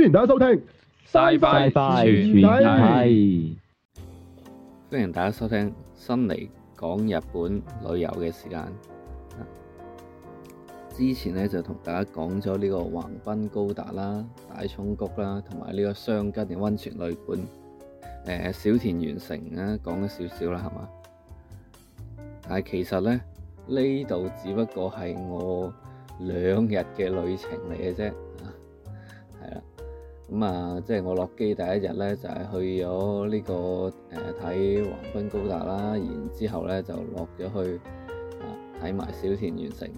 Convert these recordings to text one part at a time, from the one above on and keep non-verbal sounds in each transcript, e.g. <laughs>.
歡迎大家收聽，拜拜拜拜！歡迎體大家收聽新嚟講日本旅遊嘅時間。之前咧就同大家講咗呢個橫濱高達啦、大涌谷啦，同埋呢個箱根嘅溫泉旅館，誒、呃，小田原城啊，講咗少少啦，係嘛？但係其實咧，呢度只不過係我兩日嘅旅程嚟嘅啫。咁啊，即係我落機第一日咧，就係、是、去咗呢、這個誒睇、呃、黃昏高達啦。然之後咧就落咗去啊睇埋小田原城。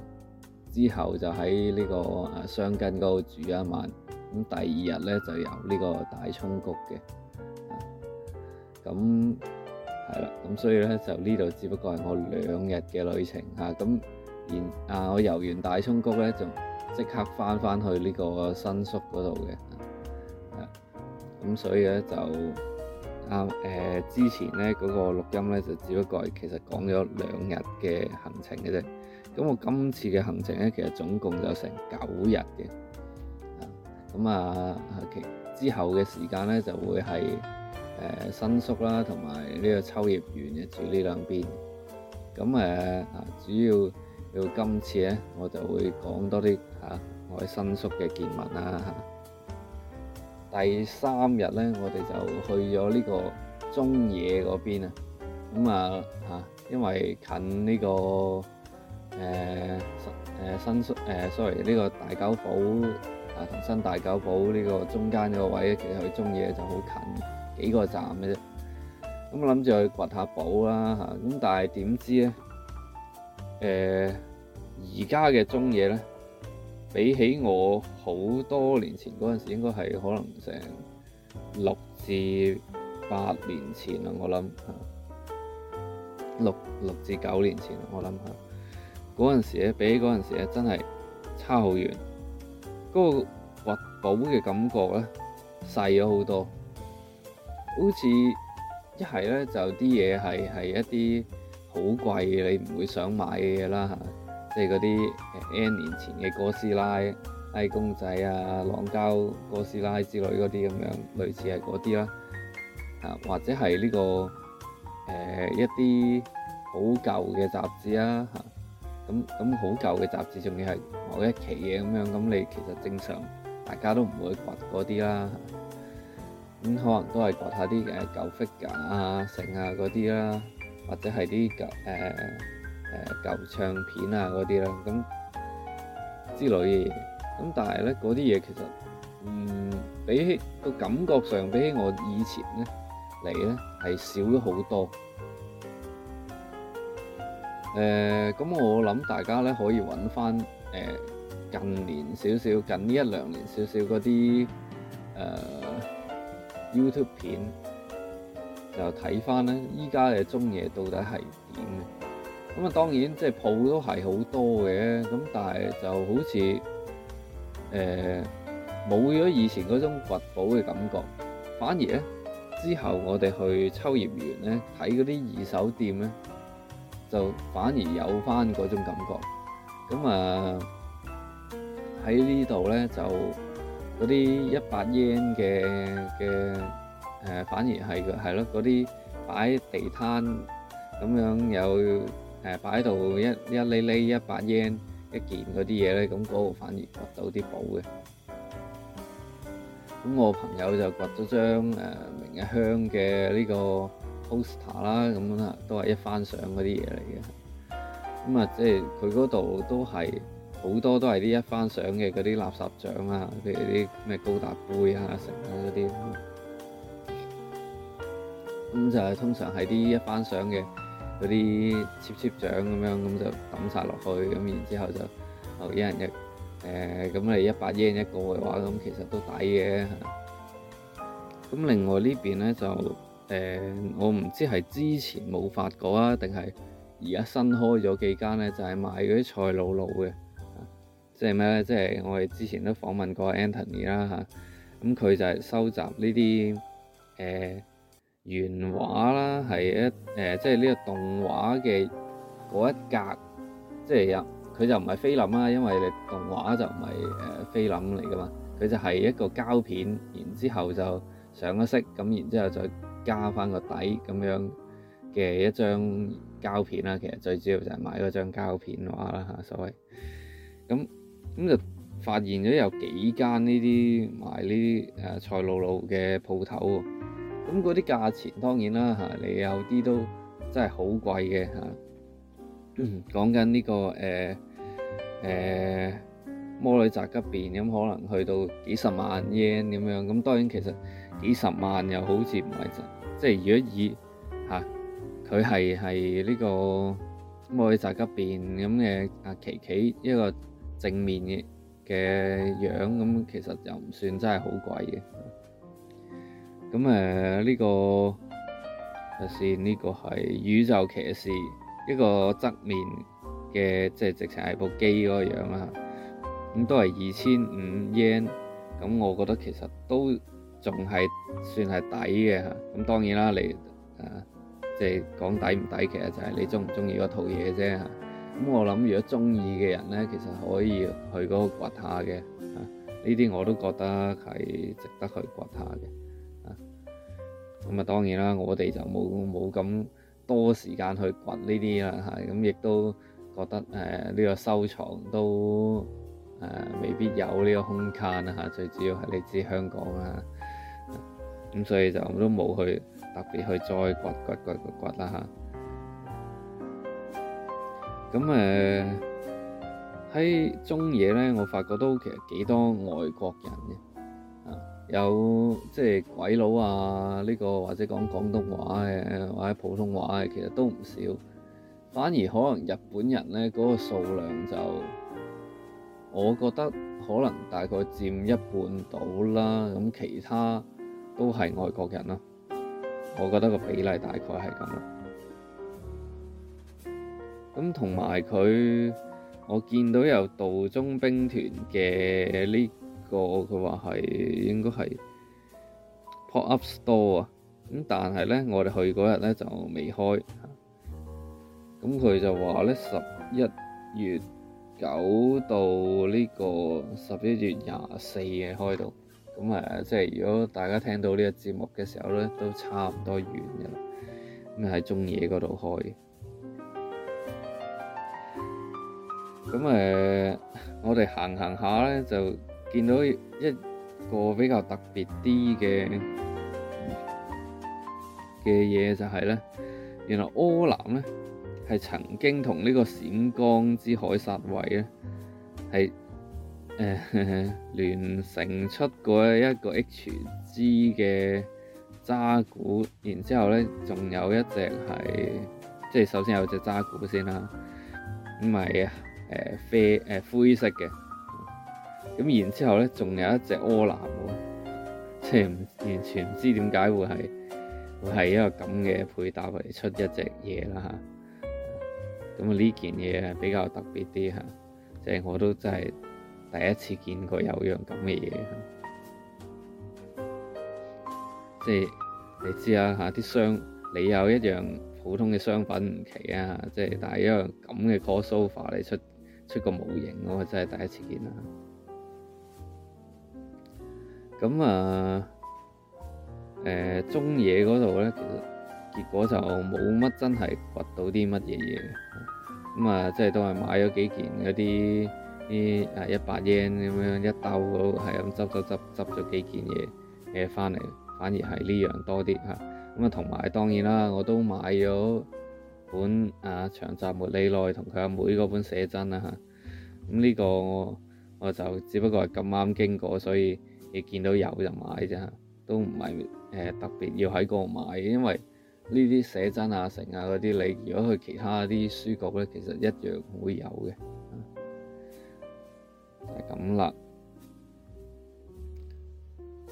之後就喺呢、這個、啊、箱根嗰度住一晚。咁第二日咧就遊呢個大涌谷嘅。咁係啦，咁所以咧就呢度只不過係我兩日嘅旅程嚇。咁、啊、然啊，我遊完大涌谷咧，就即刻翻翻去呢個新宿嗰度嘅。咁、嗯、所以咧就啱誒、啊呃，之前咧嗰、那個錄音咧就只不過係其實講咗兩日嘅行程嘅啫，咁我今次嘅行程咧其實總共就成九日嘅。咁啊，啊，其之後嘅時間咧就會係誒、呃、新宿啦，同埋呢個秋葉原嘅住呢兩邊，咁誒啊主要要今次咧我就會講多啲吓、啊、我喺新宿嘅見聞啦。第三日咧，我哋就去咗呢個中野嗰邊啊。咁啊因為近呢、呢個誒、呃、新誒、呃、，sorry，呢個大久保，啊同新大久保呢個中間呢個位，其實去中野就好近，幾個站嘅啫。咁我諗住去掘下寶啦咁、啊、但係點知咧？誒、呃，而家嘅中野咧～比起我好多年前嗰陣時，應該係可能成六至八年前啦，我諗嚇六六至九年前我諗嚇嗰陣時咧，比起嗰陣時咧真係差好遠。嗰、嗰個挖寶嘅感覺咧細咗好多，好似一係咧就啲嘢係係一啲好貴嘅，你唔會想買嘅嘢啦嚇。即係嗰啲 N 年前嘅哥斯拉、I 公仔啊、浪交哥斯拉之類嗰啲咁樣，類似係嗰啲啦。啊，或者係呢、這個誒、呃、一啲好舊嘅雜誌啦、啊。嚇、啊，咁咁好舊嘅雜誌，仲要係某一期嘢咁樣，咁你其實正常大家都唔會掘嗰啲啦。咁、嗯、可能都係掘下啲誒舊 figure 啊、剩啊嗰啲啦，或者係啲舊誒。呃誒舊、呃、唱片啊嗰啲啦，咁之類嘅嘢，咁但係咧嗰啲嘢其實，嗯，比起個感覺上比起我以前咧嚟咧係少咗好多。誒、呃，咁我諗大家咧可以揾翻誒近年少少近呢一兩年少少嗰啲誒 YouTube 片，就睇翻咧依家嘅中野到底係點嘅。咁啊，當然即係鋪都係好多嘅，咁但係就好似誒冇咗以前嗰種掘寶嘅感覺，反而咧之後我哋去秋葉原咧睇嗰啲二手店咧，就反而有返嗰種感覺。咁啊喺呢度咧就嗰啲一百日圓嘅嘅誒，反而係嘅係咯，嗰啲擺地攤咁樣有。誒擺喺度一一釐釐一百蚊一件嗰啲嘢咧，咁嗰度反而掘到啲寶嘅。咁我朋友就掘咗張誒明日香嘅呢個 poster 啦，咁啦都係一番賞嗰啲嘢嚟嘅。咁啊，即係佢嗰度都係好多都係啲一番賞嘅嗰啲垃圾獎啊，譬如啲咩高達杯啊、成啊嗰啲。咁就係通常係啲一番賞嘅。嗰啲切切獎咁樣，咁就抌晒落去，咁然之後就、哦、一人一誒，咁、呃、你一百 y 人一個嘅話，咁其實都抵嘅。咁另外呢邊呢，就誒、呃，我唔知係之前冇發過啊，定係而家新開咗幾間呢，就係賣嗰啲菜老老嘅、啊，即係咩呢？即、就、係、是、我哋之前都訪問過 Anthony 啦、啊、嚇，咁佢就係收集呢啲誒。呃原畫啦，係一、誒，即係呢個動畫嘅嗰一格，即係有佢就唔係菲林啦，因為你動畫就唔係誒菲林嚟噶嘛，佢就係一個膠片，然之後就上咗色，咁然之後再加翻個底咁樣嘅一張膠片啦。其實最主要就係買嗰張膠片畫啦，吓所謂。咁咁就發現咗有幾間呢啲賣呢啲誒賽璐璐嘅鋪頭。咁嗰啲價錢當然啦嚇，你有啲都真係好貴嘅嚇。講緊呢個誒誒摩女宅吉變魔女宅急便咁、嗯，可能去到幾十萬 yen 咁樣。咁、嗯、當然其實幾十萬又好似唔係即係，就是、如果以嚇佢係係呢個魔女宅急便咁嘅阿琪琪一個正面嘅嘅樣咁、嗯，其實又唔算真係好貴嘅。咁誒呢個先呢、呢個係宇宙騎士一個側面嘅，即係直情係部機嗰個樣啦。咁都係二千五 yen，咁我覺得其實都仲係算係抵嘅。咁當然啦，你、啊、即係講抵唔抵，其實就係你中唔中意嗰套嘢啫。咁我諗，如果中意嘅人咧，其實可以去嗰個掘下嘅。呢、啊、啲我都覺得係值得去掘下嘅。咁啊，當然啦，我哋就冇冇咁多時間去掘呢啲啦，嚇咁亦都覺得誒呢個收藏都，誒未必有呢個空間啦，嚇最主要係你知香港啊，咁所以就都冇去特別去再掘掘掘掘掘啦，嚇。咁誒喺中野咧，我發覺都其實幾多外國人嘅。有即係鬼佬啊！呢、這個或者講廣東話嘅，或者普通話嘅，其實都唔少。反而可能日本人咧嗰、那個數量就，我覺得可能大概佔一半到啦。咁其他都係外國人啦。我覺得個比例大概係咁啦。咁同埋佢，我見到有道中兵團嘅呢、這個。個佢話係應該係 pop up store 啊，咁但係咧我哋去嗰日咧就未開，咁佢就話咧十一月九到呢個十一月廿四嘅開到，咁啊即係如果大家聽到呢個節目嘅時候咧都差唔多完噶啦，咁喺中野嗰度開，咁誒我哋行行下咧就。見到一個比較特別啲嘅嘅嘢就係呢，原來柯南呢係曾經同呢個閃光之海殺位咧係誒聯成出過一個 HG 嘅揸古。然之後呢，仲有一隻係即係首先有一隻揸古先啦，唔係啊呃、啡、呃、灰色嘅。咁然之後咧，仲有一隻柯南喎，即係完全唔知點解會係會係一個咁嘅配搭嚟出一隻嘢啦嚇。咁啊，呢件嘢係比較特別啲嚇，即係我都真係第一次見過有一樣咁嘅嘢。即係你知道啊嚇，啲商你有一樣普通嘅商品唔奇啊，即係但係一樣咁嘅 co sofa 嚟出出個模型，我真係第一次見啦。咁啊、呃，中野嗰度咧，其實結果就冇乜真係掘到啲乜嘢嘢。咁啊，即係都係買咗幾件嗰啲啲一百 yen 咁樣一兜，係咁執執執執咗幾件嘢嘢翻嚟，反而係呢樣多啲，咁啊，同埋當然啦，我都買咗本啊長澤茉莉奈同佢阿妹嗰本寫真啦，咁呢個我我就只不過係咁啱經過，所以。你見到有就買啫，都唔係、呃、特別要喺嗰度買，因為呢啲寫真啊、成啊嗰啲，你如果去其他啲書局呢，其實一樣會有嘅，係咁啦。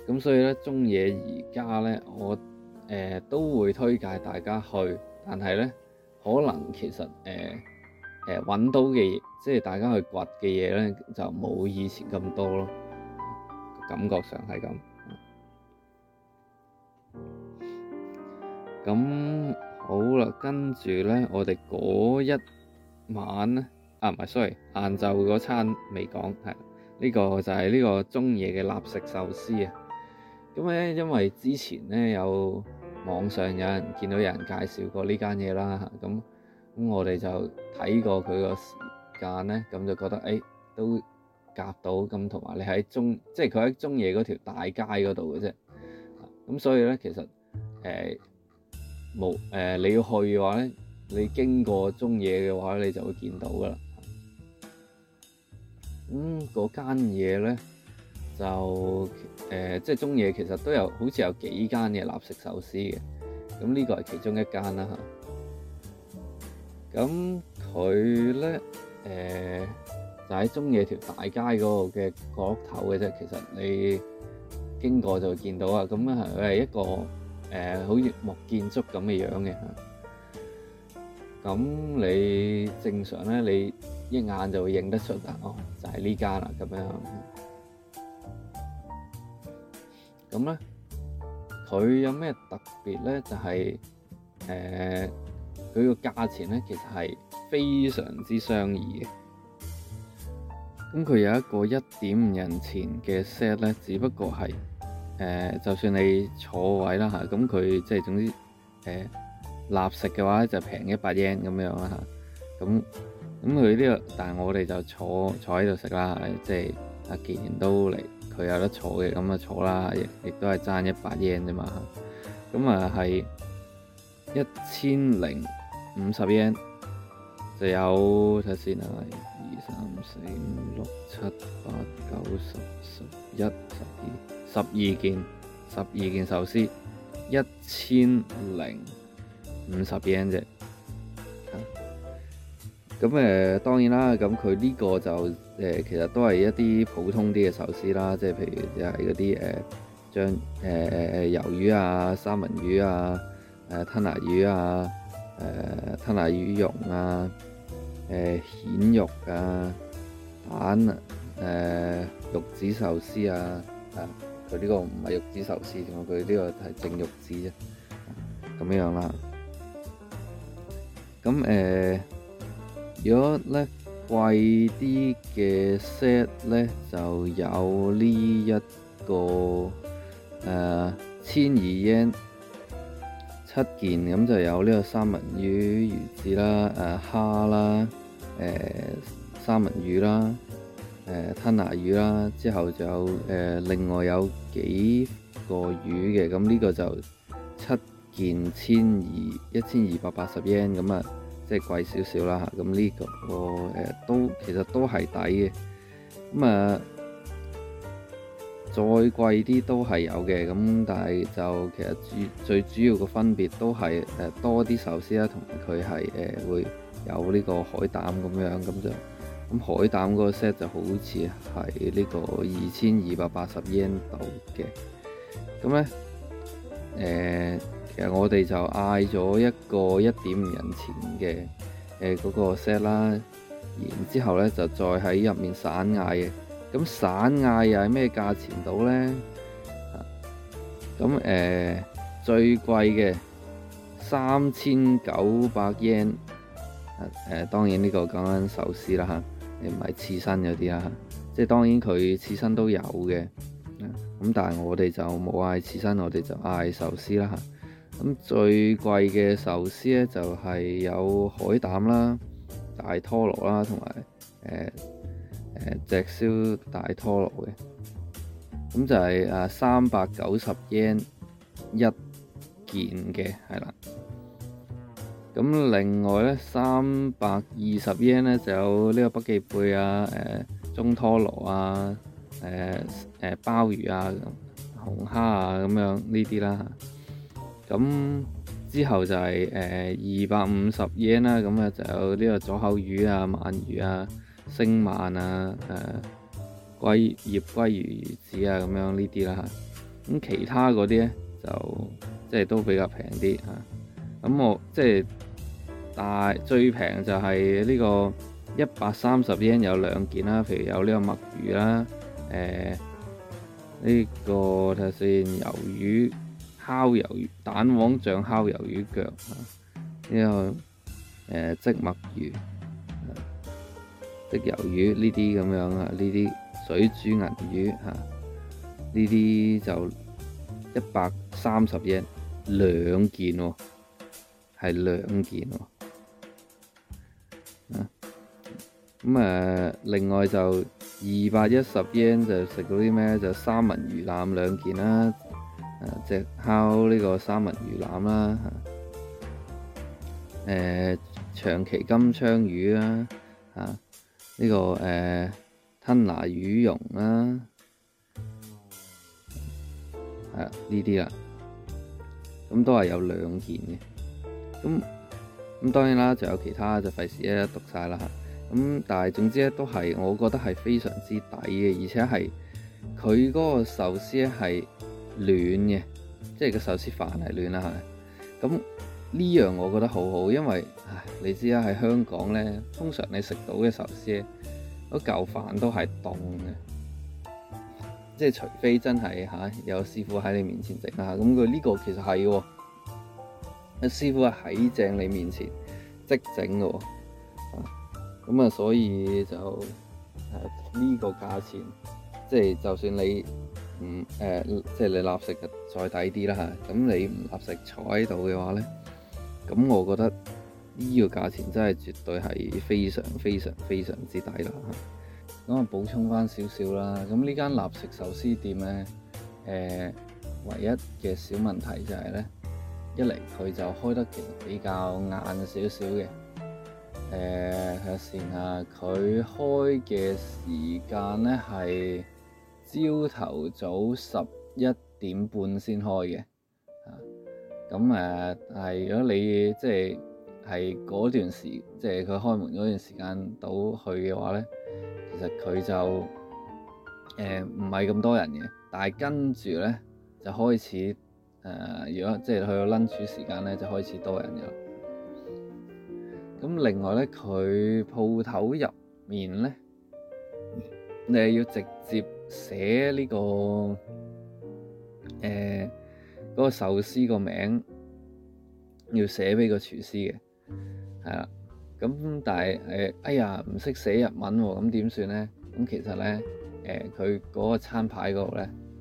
咁所以咧，中野而家咧，我、呃、都會推介大家去，但係呢，可能其實、呃呃、搵到嘅，即係大家去掘嘅嘢呢就冇以前咁多咯。感覺上係咁，咁好啦。跟住咧，我哋嗰一晚咧，啊唔係，sorry，晏晝嗰餐未講，係呢個就係呢個中野嘅立食壽司啊。咁咧，因為之前咧有網上有人見到有人介紹過呢間嘢啦，咁咁我哋就睇過佢個時間咧，咁就覺得誒都，夾到咁，同埋你喺中，即係佢喺中野嗰條大街嗰度嘅啫。咁所以咧，其實誒冇誒你要去嘅話咧，你經過中野嘅話，你就會見到噶啦。咁嗰間嘢咧就誒、呃，即係中野其實都有，好似有幾間嘅立食壽司嘅。咁呢個係其中一間啦。咁佢咧誒。呃就喺中野條大街嗰個嘅角落頭嘅啫，其實你經過就會見到啊。咁啊，佢係一個誒，好似木建築咁嘅樣嘅嚇。咁你正常咧，你一眼就會認得出啊，哦，就係呢間啦咁樣。咁咧，佢有咩特別咧？就係誒，佢個價錢咧，其實係非常之相宜嘅。咁佢有一個一點五人前嘅 set 咧，只不過係誒、呃，就算你坐位啦吓，咁佢即係總之誒、呃，立食嘅話就平一百 yen 咁樣啦吓，咁，咁佢呢個，但係我哋就坐坐喺度食啦，即係既然都嚟，佢有得坐嘅，咁啊坐啦，亦亦都係爭一百 yen 啫嘛。咁啊係一千零五十 yen 就有睇先啦。看看三四五六七八九十十一十二十二件，十二件壽司，一千零五十 yen 啫。咁、嗯、誒、呃，當然啦，咁佢呢個就誒、呃，其實都係一啲普通啲嘅壽司啦，即係譬如就係嗰啲誒，將誒誒誒魷魚啊、三文魚啊、誒、呃、吞拿魚啊、誒、呃、吞拿魚蓉啊。誒，蜆、呃、肉啊，蛋啊，誒、呃，玉子壽司啊，啊，佢呢個唔係玉子壽司，佢呢個係正玉子啫，咁樣啦。咁誒、呃，如果咧貴啲嘅 set 咧，就有呢一個誒千二円七件，咁就有呢個三文魚魚子啦，誒、呃、蝦啦。誒、呃、三文魚啦，誒、呃、吞拿魚啦，之後就有、呃、另外有幾個魚嘅，咁呢個就七件千二一千二百八十 yen 咁啊即係貴少少啦嚇，咁呢、這個誒、呃、都其實都係抵嘅，咁啊、呃、再貴啲都係有嘅，咁但係就其實最最主要嘅分別都係、呃、多啲壽司啦，同埋佢係誒會。有呢個海膽咁樣，咁就咁海膽嗰 set 就好似係呢個二千二百八十 yen 度嘅，咁咧誒，其實我哋就嗌咗一個一點五人前嘅誒嗰個 set 啦，然之後咧就再喺入面散嗌嘅，咁散嗌又係咩價錢度咧？咁誒、呃、最貴嘅三千九百 yen。3, 誒當然呢個講緊壽司啦嚇，你唔係刺身嗰啲啦嚇，即係當然佢刺身都有嘅，咁但係我哋就冇嗌刺身，我哋就嗌壽司啦嚇。咁最貴嘅壽司咧就係有海膽啦、大拖羅啦，同埋誒誒隻燒大拖羅嘅，咁就係啊三百九十 yen 一件嘅，係啦。咁另外咧，三百二十 yen 咧就有呢個北極貝啊、誒、呃、中拖羅啊、誒、呃、誒、呃、鮑魚啊、紅蝦啊咁樣呢啲啦。咁之後就係誒二百五十 yen 啦，咁、呃、啊樣就有呢個左口魚啊、鰻魚啊、星鰻啊、誒、呃、龜葉龜魚、魚子啊咁樣呢啲啦。咁其他嗰啲咧就即係都比較平啲啊。咁我即係大最平就係呢個一百三十 yen 有兩件啦。譬如有呢個墨魚啦，呢、欸呢個睇下先，魷魚、烤魷魚蛋黃醬、烤魷魚腳，呢、啊呢個即墨魚、欸、即、啊、魷魚呢啲咁樣啊，呢啲水煮銀魚呢啲、啊、就一百三十 yen 兩件喎、啊。係兩件喎、啊，咁啊、呃，另外就二百一十 yen 就食到啲咩就三文魚腩兩件啦、啊，誒、啊，只烤呢個三文魚腩啦、啊，誒、啊啊，長崎金槍魚啦、啊，嚇、啊，呢、呢個誒、啊、吞拿魚茸啦，係啊，呢啲啊，咁、啊、都係有兩件嘅。咁咁當然啦，就有其他就費事一一讀晒啦嚇。咁但係總之咧，都係我覺得係非常之抵嘅，而且係佢嗰個壽司咧係暖嘅，即係個壽司飯係暖啦嚇。咁呢樣我覺得好好，因為你知啦，喺香港咧，通常你食到嘅壽司，嗰嚿飯都係凍嘅，即係除非真係、啊、有師傅喺你面前整啊，咁佢呢個其實係喎。師傅係喺正你面前即整嘅喎，咁啊，所以就呢個價錢，即係就算你唔誒，即、嗯、係、呃就是、你立食再抵啲啦嚇，咁你唔立食坐喺度嘅話咧，咁我覺得呢個價錢真係絕對係非常非常非常之抵啦嚇。咁啊，補充翻少少啦，咁呢間立食壽司店咧，誒、呃、唯一嘅小問題就係咧。一嚟佢就開得其實比較晏少少嘅，誒、呃，然後佢開嘅時間咧係朝頭早十一點半先開嘅，咁、啊、誒但係如果你即係係嗰段時，即係佢開門嗰段時間到去嘅話咧，其實佢就誒唔係咁多人嘅，但係跟住咧就開始。誒如果即係去到 lunch 時間咧，就開始多人嘅啦。咁另外咧，佢鋪頭入面咧，你係要直接寫呢、這個誒嗰、呃那個壽司個名，要寫俾個廚師嘅，係啦。咁但係誒，哎呀唔識寫日文喎，咁點算咧？咁其實咧，誒佢嗰個餐牌嗰度咧。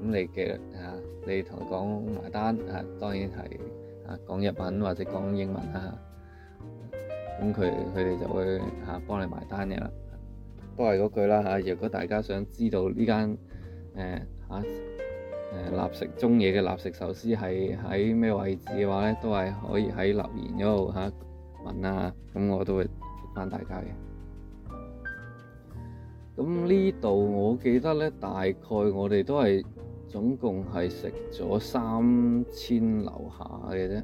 咁你嘅你同佢講埋單，當然係說講日文或者講英文，他咁佢哋就會幫幫你埋單嘅啦。都係嗰句啦，如果大家想知道呢間誒嚇立食中野嘅立食壽司係喺咩位置嘅話呢，都係可以喺留言嗰度嚇問，咁我都會覆返大家嘅。咁呢度我記得呢，大概我哋都係。總共係食咗三千樓下嘅啫，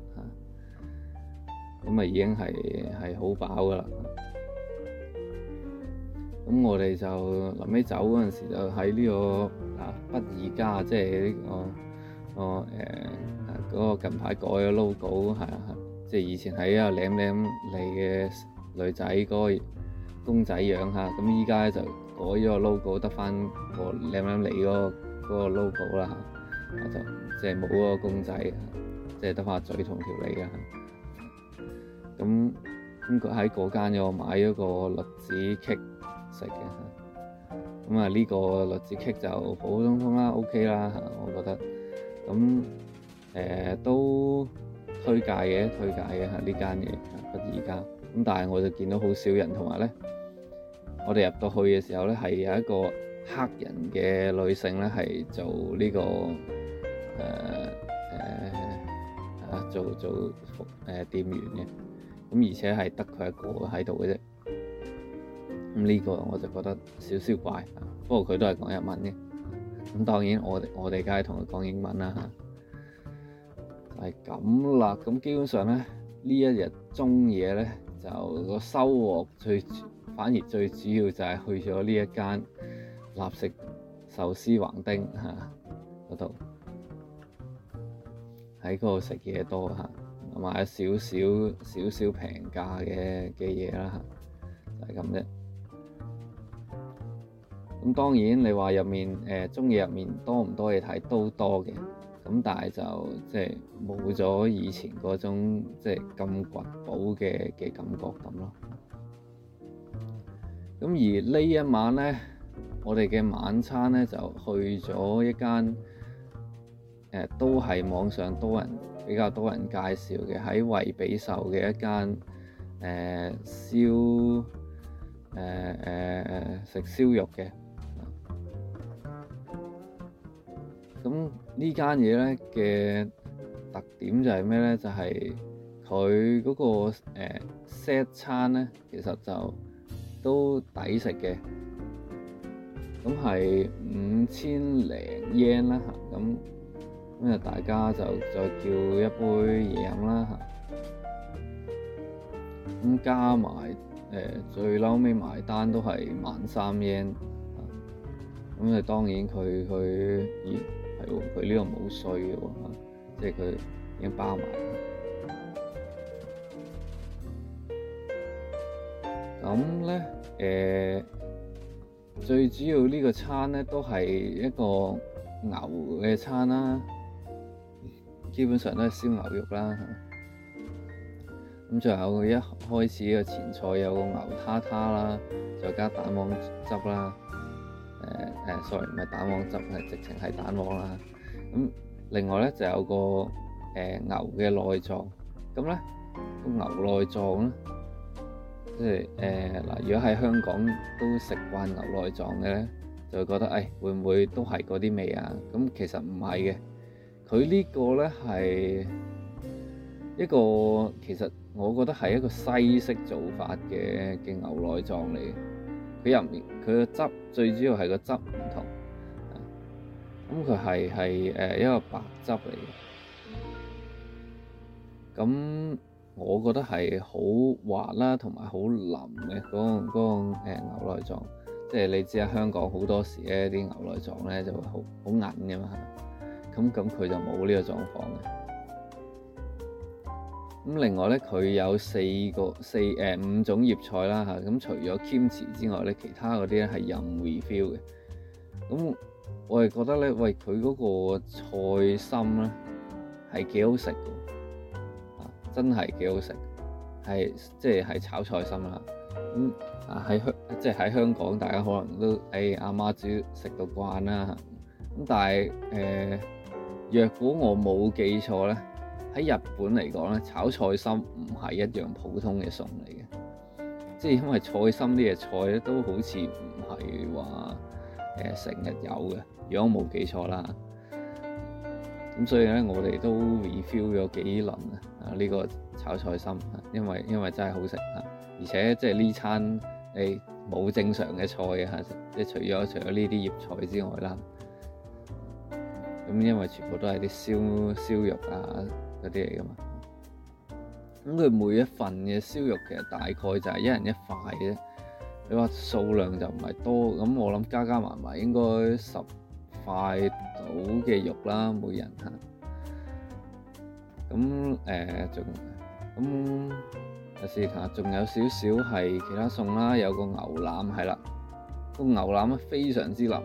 咁已經係係好飽噶喇，咁我哋就臨尾走嗰時候就在、這個啊，就喺、是、呢、這個啊不二家，即係呢嗰個近排改咗 logo 即係、就是、以前喺啊舐舐脷嘅女仔嗰公仔樣嚇，咁依家就改咗 logo，得翻個舐舐脷」嗰個。嗰個 logo 啦嚇，就即係冇嗰個公仔，即係得嘴同條脷啦。咁咁喺嗰間我買咗個栗子蛋糕食嘅嚇，咁、啊、呢個栗子蛋糕就普普通通啦，OK 啦我覺得咁、呃、都推介嘅，推介嘅嚇呢間嘢，不二家咁，但係我就見到好少人，同埋咧，我哋入到去嘅時候咧係有一個。黑人嘅女性咧，係做呢、這個誒誒啊，做做誒、呃、店員嘅咁，而且係得佢一個喺度嘅啫。咁呢個我就覺得少少怪啊。不過佢都係講日文嘅咁，當然我我哋梗係同佢講英文啦。就係咁啦。咁基本上咧，呢一日中野咧就個收穫最反而最主要就係去咗呢一間。立食壽司橫丁嚇，嗰度，喺嗰度食嘢多嚇，同有少少少少平價嘅嘢啦嚇，就係咁啫。咁當然你話入面、呃、中意入面多唔多嘢睇都多嘅，咁但係就即係冇咗以前嗰種即係咁掘寶嘅感覺咁咯。咁而呢一晚呢。我哋嘅晚餐咧就去咗一間誒、呃，都係網上多人比較多人介紹嘅，喺惠比壽嘅一間誒燒誒誒誒食燒肉嘅。咁呢間嘢咧嘅特點就係咩咧？就係佢嗰個誒 set、呃、餐咧，其實就都抵食嘅。咁係五千零 yen 啦，咁咁就大家就再叫一杯嘢飲啦，咁加埋、呃、最嬲尾埋單都係萬三 yen，咁就當然佢佢咦佢呢個冇稅嘅喎，即係佢已經包埋。咁咧最主要呢個餐呢，都係一個牛嘅餐啦，基本上都係燒牛肉啦。咁最後一開始嘅前菜有個牛他他啦，再加蛋黃汁啦。呃、欸欸、sorry，唔係蛋黃汁，係直情係蛋黃啦。咁另外呢，就有個、欸、牛嘅內臟，咁呢個牛內臟呢即係誒嗱，如果喺香港都食慣牛內臟嘅咧，就會覺得誒、哎，會唔會都係嗰啲味啊？咁其實唔係嘅，佢呢個咧係一個其實我覺得係一個西式做法嘅嘅牛內臟嚟嘅，佢入面佢嘅汁最主要係個汁唔同，咁佢係係誒一個白汁嚟嘅，咁。我覺得係好滑啦，同埋好腍嘅嗰個嗰、嗰個、牛內臟，即係你知啊，香港好多時咧啲牛內臟咧就會好好韌噶嘛，咁咁佢就冇呢個狀況嘅。咁另外咧，佢有四個四誒、欸、五種葉菜啦嚇，咁除咗 Kimchi 之外咧，其他嗰啲咧係任 refill 嘅。咁我係覺得咧，喂佢嗰個菜心咧係幾好食嘅。真係幾好食，係即係係炒菜心啦。咁啊喺香，即係喺香港，大家可能都誒阿、哎、媽煮食到慣啦。咁但係誒、呃，若果我冇記錯咧，喺日本嚟講咧，炒菜心唔係一樣普通嘅餸嚟嘅。即、就、係、是、因為菜心呢嘢菜咧都好似唔係話誒成日有嘅，如果我冇記錯啦。咁所以咧，我哋都 refill 咗幾輪啊。呢、啊呢個炒菜心，因為因為真係好食嚇，而且即係呢餐你冇正常嘅菜嘅嚇、啊，即係除咗除咗呢啲葉菜之外啦，咁、啊、因為全部都係啲燒燒肉啊嗰啲嚟噶嘛，咁佢每一份嘅燒肉其實大概就係一人一塊嘅，你話數量就唔係多，咁我諗加加埋埋應該十塊到嘅肉啦，每人嚇。啊咁誒仲咁試下，仲、呃、有少少係其他餸啦，有個牛腩係啦，個牛腩咧非常之腍，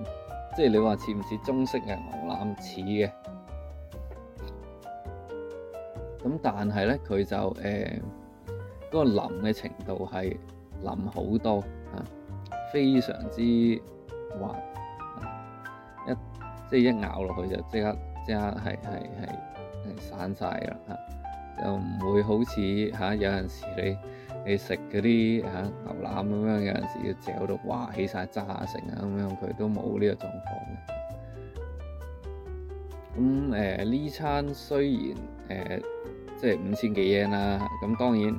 即係你話似唔似中式嘅牛腩？似嘅，咁但係咧佢就誒嗰、呃那個腍嘅程度係腍好多，非常之滑，一即係、就是、一咬落去就即刻即刻係係係。散曬啦嚇，就唔會好似嚇、啊、有陣時你你食嗰啲嚇牛腩咁樣，有陣時要嚼到哇起晒渣成啊咁樣，佢都冇呢個狀況嘅。咁誒呢餐雖然誒、呃、即係五千幾 yen 啊，咁當然誒、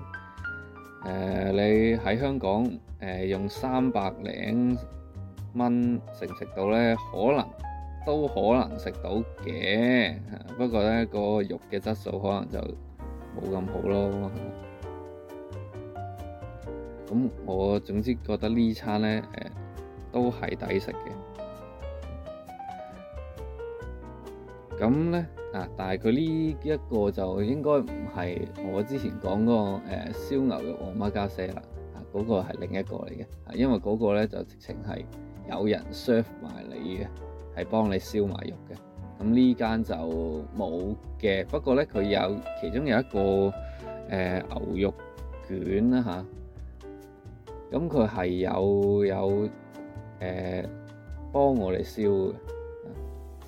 呃、你喺香港誒、呃、用三百零蚊成食到咧，可能。都可能食到嘅，不過呢個肉嘅質素可能就冇咁好咯。咁我總之覺得呢餐呢都係抵食嘅。咁呢，啊，但係佢呢一個就應該唔係我之前講個誒燒牛肉皇馬家社啦，嗰個係另一個嚟嘅，因為嗰個呢就直情係有人 serve 埋你嘅。係幫你燒埋肉嘅，咁呢間就冇嘅。不過呢，佢有其中有一個、呃、牛肉卷啦嚇，咁佢係有有、呃、幫我哋燒嘅、啊、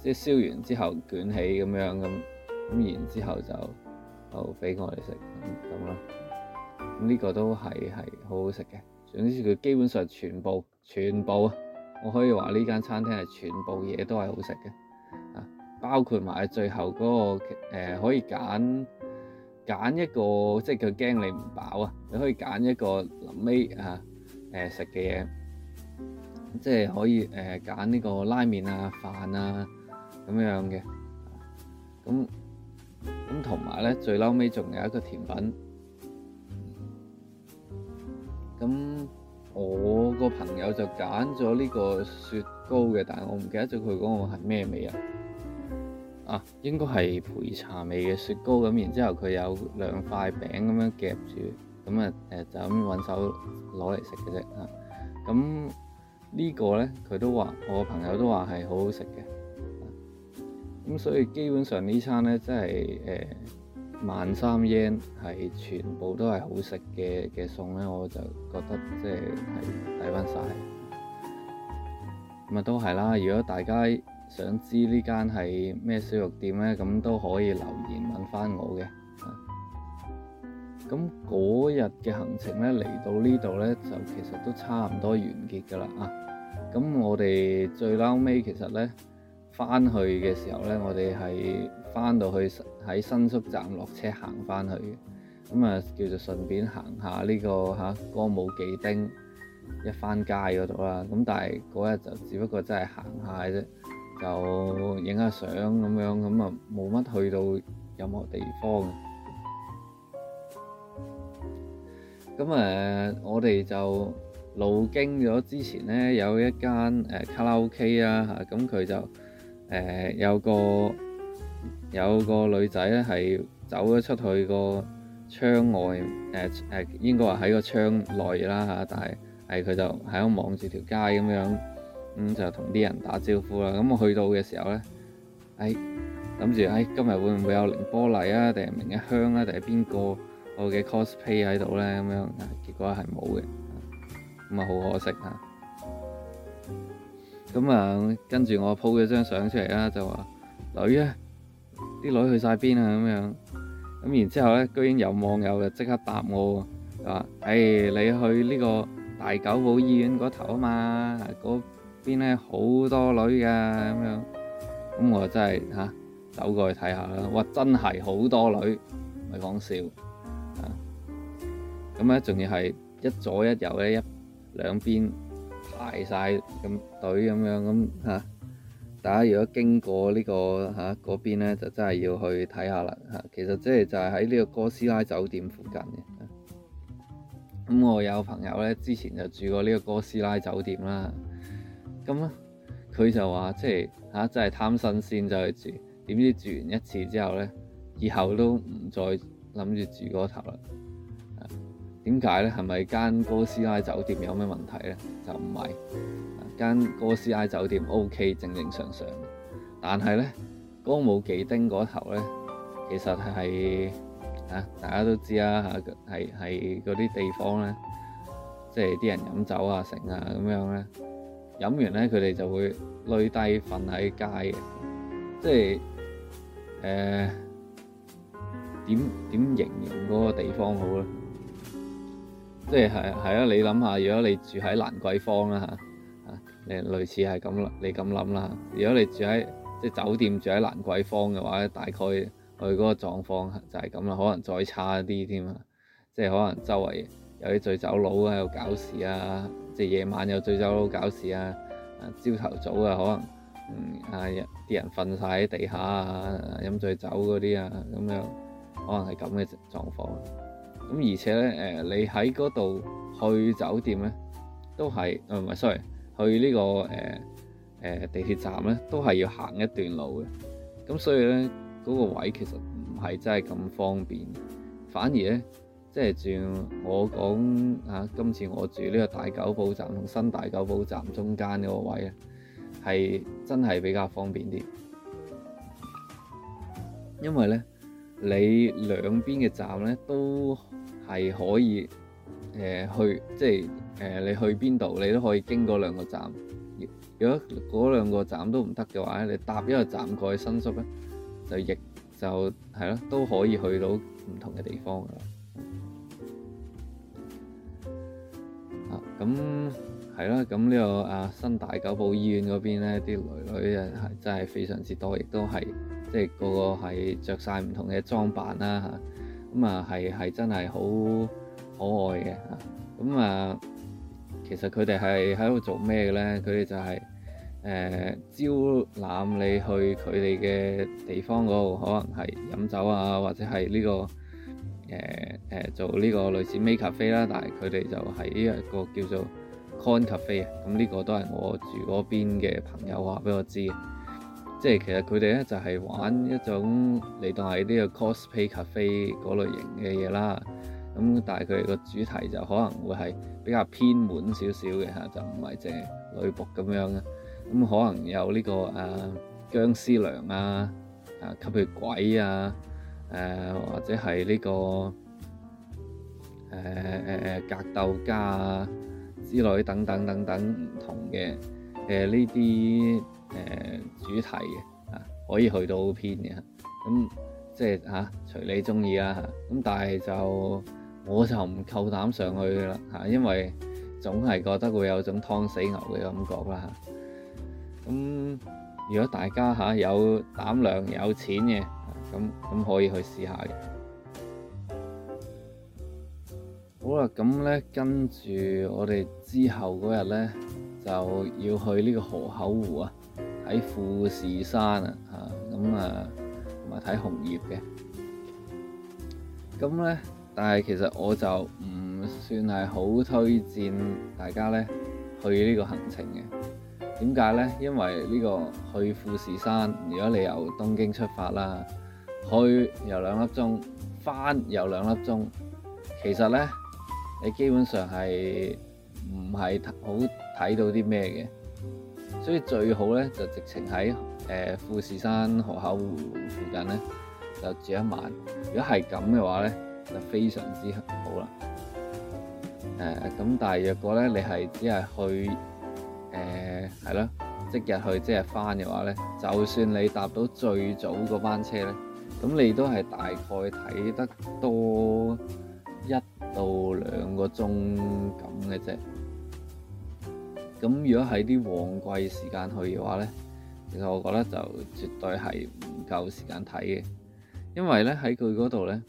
即係燒完之後捲起咁樣，然之後就就俾我哋食咁咯。咁呢個都係係好好食嘅。總之佢基本上全部全部我可以話呢間餐廳係全部嘢都係好食嘅，包括埋最後嗰、嗰個、呃、可以揀揀一個，即係佢驚你唔飽啊，你可以揀一個臨尾嚇誒食嘅，即係可以誒揀呢個拉麵啊、飯啊咁樣嘅，咁咁同埋最嬲尾仲有一個甜品，咁。我個朋友就揀咗呢個雪糕嘅，但係我唔記得咗佢嗰個係咩味啊？啊，應該係焙茶味嘅雪糕咁，然之後佢有兩塊餅咁樣夾住，咁啊誒就咁揾手攞嚟食嘅啫嚇。咁呢個咧，佢都話我個朋友都話係好好食嘅。咁所以基本上呢餐呢餐咧，真係誒。呃萬三 yen，係全部都係好食嘅餸呢，我就覺得即係抵翻晒。咁啊都係啦，如果大家想知呢間係咩燒肉店呢，咁都可以留言問翻我嘅。咁嗰日嘅行程呢，嚟到呢度呢，就其實都差唔多完結㗎啊！咁我哋最撈尾其實呢翻去嘅時候呢，我哋係翻到去。喺新宿站落車行翻去嘅，咁啊叫做順便行下呢個嚇歌舞伎町一番街嗰度啦。咁但係嗰日就只不過真係行下嘅啫，就影下相咁樣，咁啊冇乜去到任何地方嘅。咁啊，我哋就路經咗之前咧有一間誒卡拉 OK 啊嚇，咁佢就誒有個，有個女仔咧，係走咗出去個窗外，誒誒，應該話喺個窗內啦吓，但係係佢就喺度望住條街咁樣，咁就同啲人打招呼啦。咁我去到嘅時候咧，誒諗住誒今日會唔會有綾波麗啊，定係明日香啊，定係邊個我嘅 cosplay 喺度咧咁樣，結果係冇嘅，咁啊好可惜吓。咁啊跟住我 po 咗張相出嚟啦，就話女啊。啲女去晒邊啊咁樣，咁然之後呢，居然有網友就即刻答我，話、欸，你去呢個大久保醫院嗰頭啊嘛，嗰邊呢好多女噶，咁樣，咁我就真係吓、啊、走過去睇下啦，哇，真係好多女，唔係講笑，咁、啊、呢，仲、啊、要係一左一右呢，一兩邊排晒咁隊咁樣咁吓。大家如果經過、這個啊、那呢個嚇嗰邊咧，就真係要去睇下啦嚇、啊。其實即係就係喺呢個哥斯拉酒店附近嘅。咁、啊、我有朋友咧，之前就住過呢個哥斯拉酒店啦。咁、啊、佢、啊、就話即係嚇、啊、真係貪新鮮就去住，點知住完一次之後咧，以後都唔再諗住住嗰頭啦。點解咧？係咪間哥斯拉酒店有咩問題咧？就唔係。間哥斯拉酒店 OK，正正常常。但係咧，歌舞伎町嗰頭咧，其實係嚇、啊，大家都知啦嚇、啊，係係嗰啲地方咧，即係啲人飲酒啊、成啊咁樣咧，飲完咧佢哋就會累低瞓喺街嘅。即係誒點點形容嗰個地方好咧？即係係係啊！你諗下，如果你住喺蘭桂坊啦嚇。啊。誒類似係咁啦，你咁諗啦。如果你住喺即係酒店住喺蘭桂坊嘅話，大概佢嗰個狀況就係咁啦，可能再差一啲添啊。即係可能周圍有啲醉酒佬喺度搞事啊，即係夜晚有醉酒佬搞事啊。嗯、啊，朝頭早啊，可能嗯啊啲人瞓晒喺地下啊，飲醉酒嗰啲啊，咁樣可能係咁嘅狀況。咁而且咧誒，你喺嗰度去酒店咧都係，哎、唔係 sorry。去呢、這個誒誒、呃呃、地鐵站咧，都係要行一段路嘅，咁所以咧嗰、那個位置其實唔係真係咁方便，反而咧即係轉我講啊，今次我住呢個大久保站同新大久保站中間嗰個位咧，係真係比較方便啲，因為咧你兩邊嘅站咧都係可以誒、呃、去即係。誒，你去邊度你都可以經過兩個站，如果嗰兩個站都唔得嘅話咧，你搭一個站過去新宿咧，就亦就係咯，都可以去到唔同嘅地方噶啦。啊，咁係咯，咁呢個啊新大久保醫院嗰邊咧，啲女女啊真係非常之多，亦都係即係個個係著曬唔同嘅裝扮啦嚇，咁啊係係真係好可愛嘅嚇，咁啊～其實佢哋係喺度做咩嘅咧？佢哋就係、是、誒、呃、招攬你去佢哋嘅地方嗰度，可能係飲酒啊，或者係呢、這個誒誒、呃、做呢個類似 maid cafe 啦。但係佢哋就係呢一個叫做 con cafe 啊。咁呢個都係我住嗰邊嘅朋友話俾我知嘅。即係其實佢哋咧就係、是、玩一種你當係呢個 cosplay cafe 嗰類型嘅嘢啦。咁但係佢個主題就可能會係比較偏門少少嘅嚇，就唔係淨係女僕咁樣嘅，咁可能有呢、這個誒殭屍娘啊、誒吸血鬼啊、誒、啊、或者係呢、這個誒誒、啊、格鬥家啊之類等等等等唔同嘅誒呢啲誒主題嘅、啊、嚇，可以去到好偏嘅，咁即係嚇隨你中意啦嚇，咁但係就。我就唔夠膽上去啦，嚇，因為總係覺得會有種劏死牛嘅感覺啦。咁如果大家嚇有膽量、有錢嘅，咁咁可以去試下嘅。好啦，咁咧，跟住我哋之後嗰日咧就要去呢個河口湖啊，睇富士山啊，嚇咁啊，同埋睇紅葉嘅。咁咧。但係其實我就唔算係好推薦大家咧去呢個行程嘅，點解咧？因為呢個去富士山，如果你由東京出發啦，去又兩粒鐘，返又兩粒鐘，其實咧你基本上係唔係好睇到啲咩嘅，所以最好咧就直情喺誒富士山河口湖附近咧就住一晚。如果係咁嘅話咧，就非常之好啦。誒、呃、咁，但係若果咧，你係只係去誒係咯，即日去即日翻嘅話咧，就算你搭到最早嗰班車咧，咁你都係大概睇得多一到兩個鐘咁嘅啫。咁如果喺啲旺季時間去嘅話咧，其實我覺得就絕對係唔夠時間睇嘅，因為咧喺佢嗰度咧。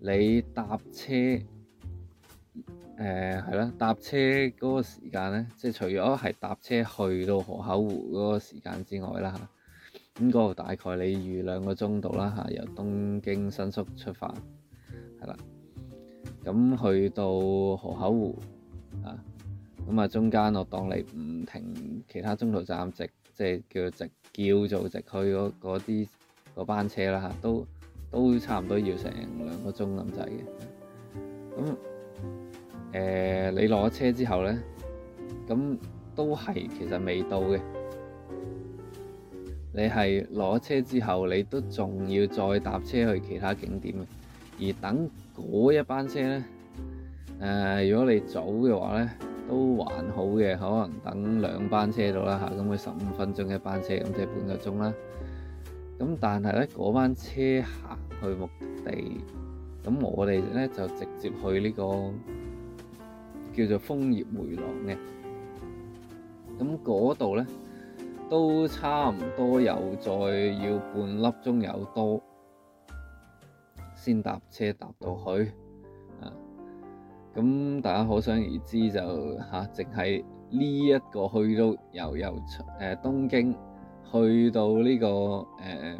你搭車，誒係啦，搭車嗰個時間咧，即係除咗係搭車去到河口湖嗰個時間之外啦，嚇，咁嗰度大概你預兩個鐘度啦，嚇，由東京新宿出發，係啦，咁去到河口湖，啊，咁啊中間我當你唔停其他中途站直，即係叫直叫做直去嗰啲嗰班車啦，嚇，都。都差唔多要成兩個鐘咁滯嘅，咁誒你落咗車之後咧，咁都係其實未到嘅。你係落咗車之後，你都仲要再搭車去其他景點嘅，而等嗰一班車咧，誒如果你早嘅話咧，都還好嘅，可能等兩班車到啦，嚇，咁佢十五分鐘一班車，咁即係半個鐘啦。咁但係呢嗰班車行去目的地。咁我哋呢就直接去呢個叫做楓葉迴廊嘅，咁嗰度呢都差唔多又再要半粒鐘有多，先搭車搭到去，咁大家可想而知就嚇，淨係呢一個去到又又誒東京。去到呢、這個、嗯、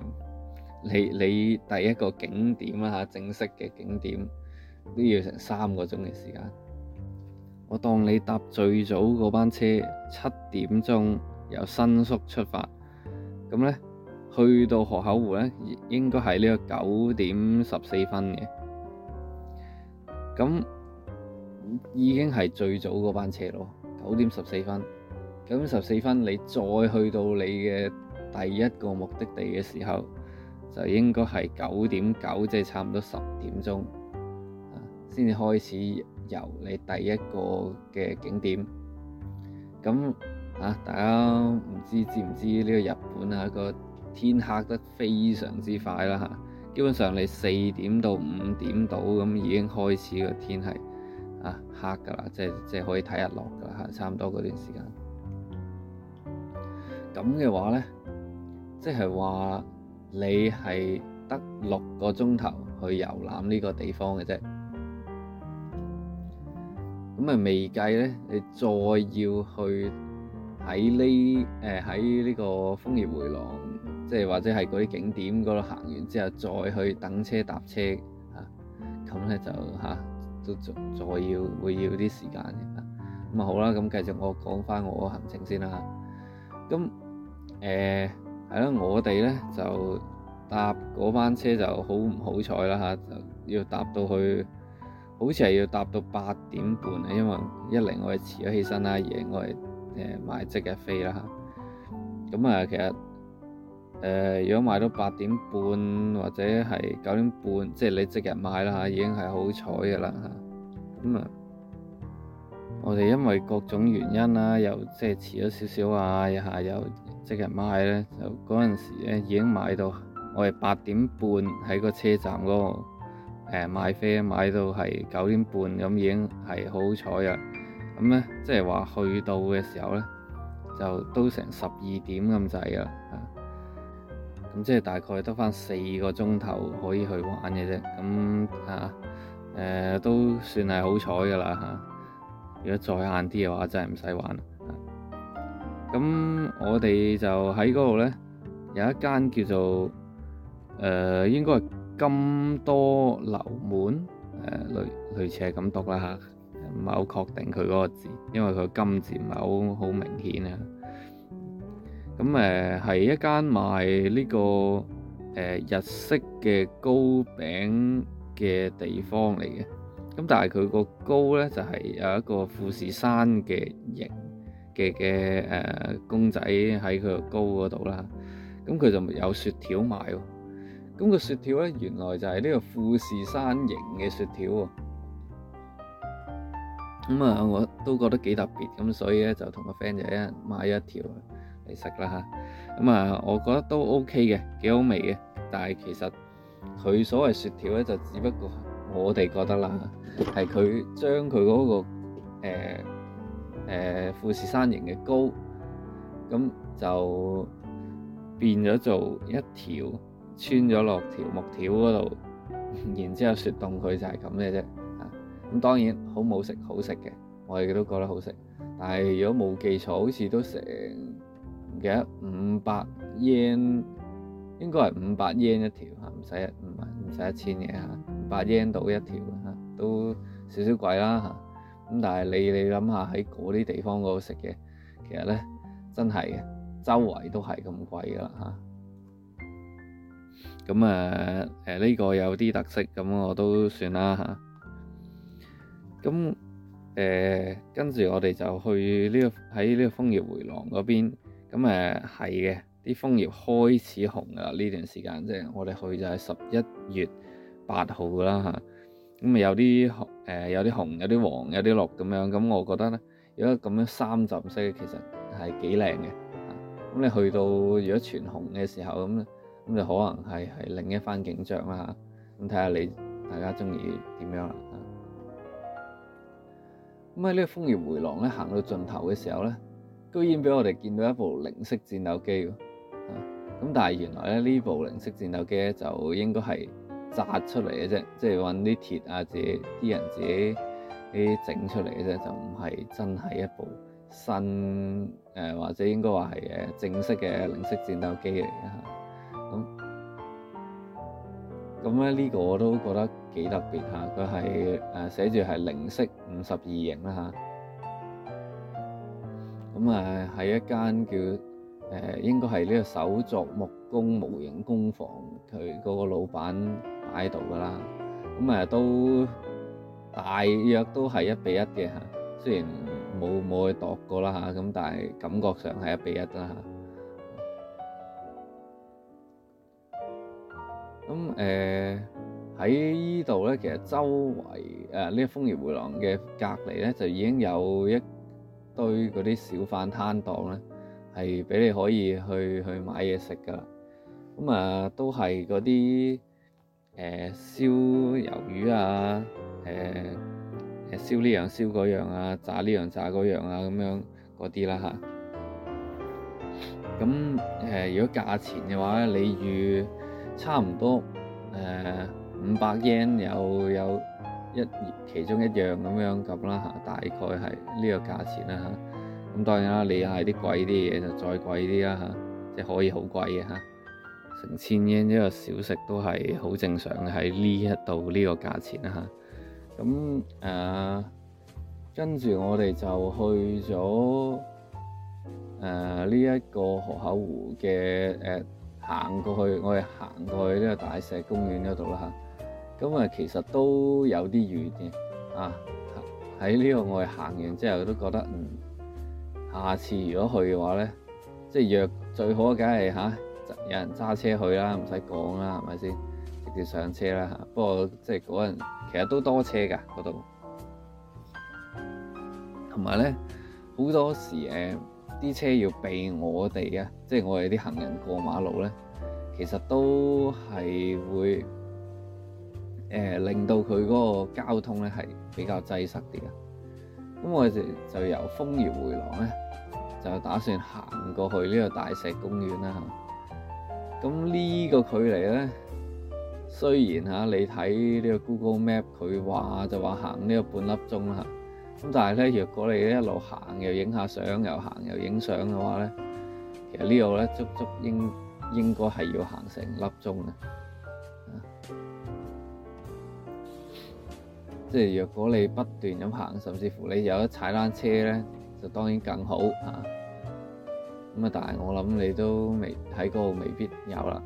你你第一個景點啦吓，正式嘅景點都要成三個鐘嘅時間。我當你搭最早嗰班車七點鐘由新宿出發，咁咧去到河口湖咧，應該係呢個九點十四分嘅。咁已經係最早嗰班車咯，九點十四分。咁十四分，你再去到你嘅第一個目的地嘅時候，就應該係九點九，即係差唔多十點鐘先至開始遊你第一個嘅景點。咁啊，大家唔知知唔知呢個日本啊個天黑得非常之快啦嚇、啊。基本上你四點到五點到咁已經開始個天係啊黑㗎啦，即係即係可以睇日落㗎啦嚇，差唔多嗰段時間。咁嘅話咧，即係話你係得六個鐘頭去遊覽呢個地方嘅啫。咁啊未計咧，你再要去喺呢誒喺呢個楓葉迴廊，即係或者係嗰啲景點嗰度行完之後，再去等車搭車啊。咁咧就吓、啊，都仲再要會要啲時間嘅。咁啊好啦，咁繼續我講翻我嘅行程先啦。咁誒，係啦、嗯，我哋咧就搭嗰班車就好唔好彩啦吓，就要搭到去，好似係要搭到八點半啊，因為一嚟我哋遲咗起身啦，二嚟我哋誒買即日飛啦吓，咁啊，其實誒、呃，如果買到八點半或者係九點半，即、就、係、是、你即日買啦吓，已經係好彩噶啦吓，咁啊，我哋因為各種原因啦，又即係遲咗少少啊，一下又。又即日買咧，就嗰陣時咧已經買到，我係八點半喺個車站嗰度誒買飛，買到係九點半咁，已經係好好彩啊！咁咧即係話去到嘅時候咧，就都成十二點咁滯啊！咁即係大概得翻四個鐘頭可以去玩嘅啫，咁啊誒、啊、都算係好彩噶啦吓！如果再晏啲嘅話，真係唔使玩啦。咁我哋就喺嗰度咧，有一間叫做誒，應該係金多樓滿誒，類類似係咁讀啦嚇，唔係好確定佢嗰個字，因為佢金字唔係好好明顯啊。咁誒係一間賣呢個誒日式嘅糕餅嘅地方嚟嘅，咁但係佢個糕咧就係有一個富士山嘅形，嘅嘅誒公仔喺佢個高嗰度啦，咁佢就有雪條賣喎。咁個雪條咧，原來就係呢個富士山形嘅雪條喎。咁啊，我都覺得幾特別咁，所以咧就同個 friend 仔一人買一條嚟食啦嚇。咁啊，我覺得都 OK 嘅，幾好味嘅。但係其實佢所謂雪條咧，就只不過我哋覺得啦，係佢將佢嗰個、呃誒、呃、富士山形嘅高，咁就變咗做一條穿咗落條木條嗰度，然之後雪凍佢就係咁嘅啫。啊，咁當然好冇食，好食嘅，我哋都覺得好食。但係如果冇記錯，好似都成唔記得五百 yen，應該係五百 yen 一條嚇，唔使一唔係唔使一千嘅嚇，五百 yen 到一條嚇，啊，都少少貴啦嚇。啊但係你你諗下喺嗰啲地方嗰度食嘅，其實咧真係嘅，周圍都係咁貴噶啦嚇。咁啊誒呢、呃呢個有啲特色，咁我都算啦嚇。咁誒跟住我哋就去呢、呢個喺呢個楓葉回廊嗰邊。咁誒係嘅，啲、啊、楓葉開始紅噶。呢段時間即係、就係、我哋去就係十一月八號啦嚇。啊咁咪有啲紅，誒有啲紅，有啲黃，有啲綠咁樣。咁我覺得咧，如果咁樣三層色其實係幾靚嘅。咁你去到如果全紅嘅時候，咁咁就可能係係另一番景象啦嚇。咁睇下你大家中意點樣啦。咁喺呢個楓葉迴廊咧，行到盡頭嘅時候咧，居然俾我哋見到一部零式戰鬥機喎。咁但係原來咧呢部零式戰鬥機咧就應該係。紮出嚟嘅啫，即係揾啲鐵啊，自己啲人自己啲整出嚟嘅啫，就唔係真係一部新誒、呃，或者應該話係誒正式嘅零式戰鬥機嚟嘅嚇。咁咁咧呢個我都覺得幾特別嚇，佢係誒寫住係零式五十二型啦嚇。咁啊喺一間叫誒、呃，應該係呢個手作木工模型工房，佢嗰個老闆。喺度噶啦，咁啊都大約都係一比一嘅嚇，雖然冇冇去度過啦嚇，咁但係感覺上係一比一啦嚇。咁誒喺依度咧，其實周圍誒呢個楓葉迴廊嘅隔離咧，就已經有一堆嗰啲小販攤檔咧，係俾你可以去去買嘢食噶。咁啊，都係嗰啲。誒、嗯、燒魷魚啊，誒、嗯、誒燒呢樣燒嗰樣啊，炸呢樣炸嗰樣啊，咁樣嗰啲啦嚇。咁誒、啊呃，如果價錢嘅話咧，你預差唔多誒五百 yen 有有一其中一樣咁樣咁啦嚇，大概係呢個價錢啦嚇。咁當然啦，你係啲貴啲嘢就再貴啲啦嚇，即、啊、係、就是、可以好貴嘅成千英一個小食都係好正常，喺呢一度呢個價錢啦嚇，咁誒跟住我哋就去咗誒呢一個河口湖嘅誒行過去，我哋行過去呢個大石公園嗰度啦嚇，咁啊其實都有啲遠嘅啊，喺呢個我哋行完之後都覺得，嗯，下次如果去嘅話咧，即係約最好嘅係啊，梗係嚇。有人揸車去啦，唔使講啦，係咪先？直接上車啦嚇。不過即係嗰陣其實都多車噶嗰度，同埋咧好多時誒啲、啊、車要避我哋嘅、啊，即係我哋啲行人過馬路咧、啊，其實都係會誒、啊、令到佢嗰個交通咧係比較擠塞啲嘅。咁我哋就由楓葉回廊咧，就打算行過去呢個大石公園啦嚇。啊咁呢個距離呢，雖然吓、啊、你睇呢個 Google Map 佢話就話行呢個半粒鐘啦，咁但係呢，若果你一路行又影下相又行又影相嘅話呢，其實呢度呢，足足應該應該係要行成粒鐘啊！即係若果你不斷咁行，甚至乎你有得踩單車呢，就當然更好啊！咁啊，但係我諗你都未喺嗰度，未必有啦。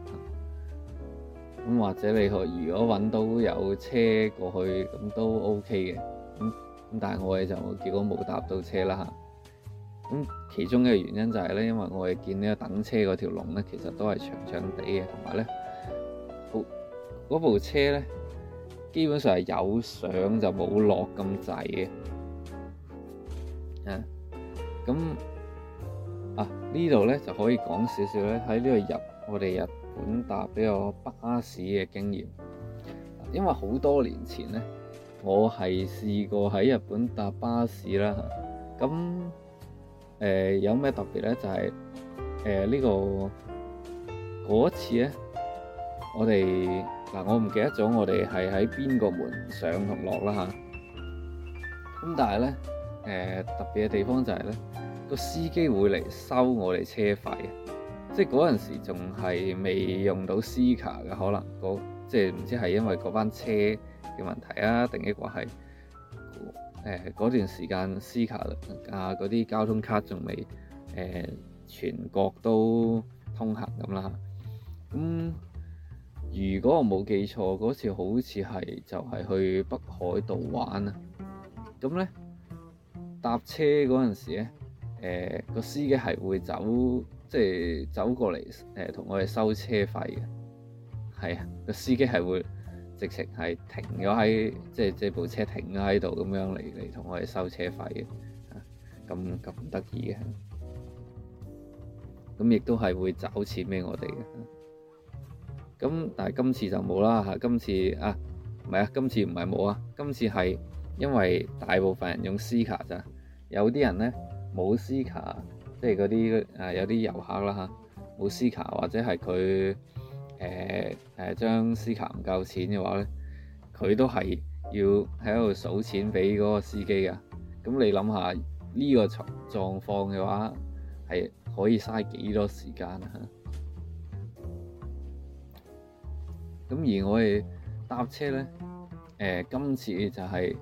咁或者你可如果揾到有車過去，咁都 OK 嘅。咁咁，但係我哋就結果冇搭到車啦吓。咁其中嘅原因就係、是、咧，因為我哋見呢個等車嗰條龍咧，其實都係長長地嘅，同埋咧，部嗰部車咧，基本上係有上就冇落咁滯嘅。啊，咁。啊！呢度咧就可以講少少咧，喺呢度入我哋日本搭呢個巴士嘅經驗，因為好多年前咧，我係試過喺日本搭巴士啦。咁誒、呃、有咩特別咧？就係、是、誒、呃這個、呢個嗰次咧，我哋嗱我唔記得咗我哋係喺邊個門上同落啦吓。咁、啊、但係咧，誒、呃、特別嘅地方就係、是、咧。個司機會嚟收我哋車費，即係嗰陣時仲係未用到 C 卡嘅，可能即係唔知係因為嗰班車嘅問題啊，定抑或係誒嗰段時間 C 卡啊嗰啲交通卡仲未誒全國都通行咁啦。咁如果我冇記錯，嗰次好似係就係、是、去北海道玩啊，咁咧搭車嗰陣時咧。誒個、呃、司機係會走，即係走過嚟誒，同、呃、我哋收車費嘅係啊。個司機係會直情係停咗喺，即係即係部車停咗喺度咁樣嚟嚟同我哋收車費嘅，咁咁得意嘅。咁亦都係會找錢俾我哋嘅。咁但係今次就冇啦嚇。今次啊，唔係啊，今次唔係冇啊，今次係因為大部分人用 C 卡咋，有啲人咧。冇司卡，即係嗰啲有啲遊客啦嚇，冇司卡或者係佢誒誒，張司卡唔夠錢嘅話呢，佢都係要喺度數錢俾嗰個司機嘅。咁你諗下呢、呢個狀況嘅話，係可以嘥幾多時間啊？咁而我哋搭車呢、呃，今次就係